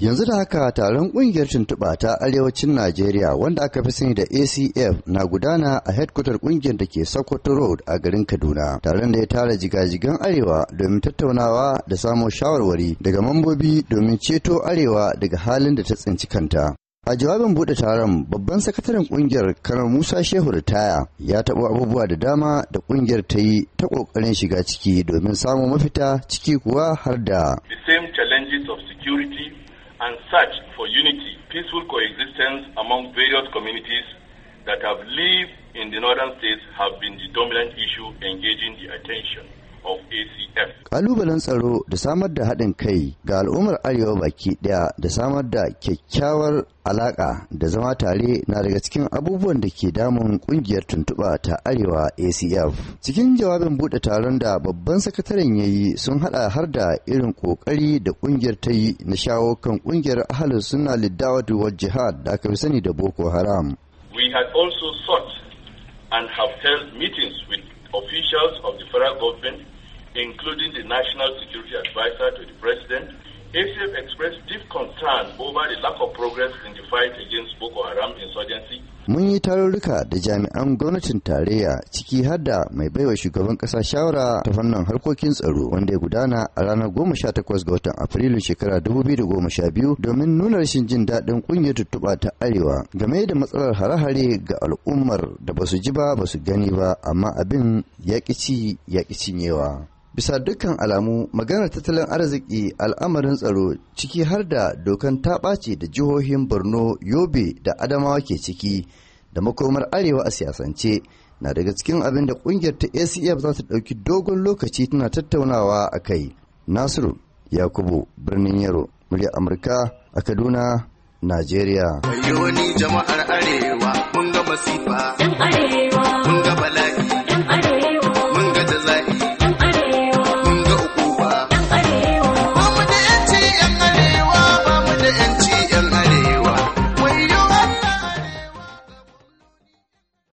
Yanzu da haka taron kungiyar tuntuɓa ta arewacin Najeriya wanda aka fi sani da ACF na gudana a hedkwatar kungiyar da ke Sokoto Road a garin Kaduna. Taron da ya tara jigajigan arewa domin tattaunawa da samun shawarwari daga mambobi domin ceto arewa daga halin da ta tsinci kanta. A jawabin buɗe taron babban sakataren kungiyar Kanar Musa Shehu taya, ya taɓa abubuwa da dama da kungiyar ta yi ta ƙoƙarin shiga ciki domin samun mafita ciki kuwa har da. The same challenges of security and search for unity, peaceful coexistence among various communities that have lived in the northern states have been the dominant issue engaging the attention. Ƙalubalen tsaro da samar da haɗin kai ga al'ummar Arewa baki ɗaya da samar da kyakkyawar alaƙa da zama tare na daga cikin abubuwan da ke damun ƙungiyar tuntuɓa ta Arewa ACF. Cikin jawabin buɗe taron da babban sakataren ya yi sun haɗa har da irin ƙoƙari da ƙungiyar ta yi na shawo kan ƙungiyar ahalin suna liddawatu wal jihad da aka fi sani da Boko Haram. had also sought and have held meetings with officials of the federal government including the National Security Advisor to the President, ACF expressed deep concern over the lack of progress in the fight against Boko Haram insurgency. Mun yi tarurruka da jami'an gwamnatin tarayya ciki har da mai baiwa shugaban kasa shawara ta fannin harkokin tsaro wanda ya gudana a ranar 18 ga watan Afrilu shekara 2012 domin nuna rashin jin daɗin ƙungiyar tuttuɓa ta Arewa game da matsalar hare-hare ga al'ummar da basu ji ba basu gani ba amma abin yaƙi ci yaƙi cinyewa. bisa dukkan alamu maganar tattalin arziki al'amarin tsaro ciki har da dokan ta ɓace da jihohin borno yobe da adamawa ke ciki da makomar arewa a siyasance na daga cikin abin da kungiyar ta acf za ta ɗauki dogon lokaci tana tattaunawa a kai nasiru yakubu birnin yaro murya amurka a kaduna najeriya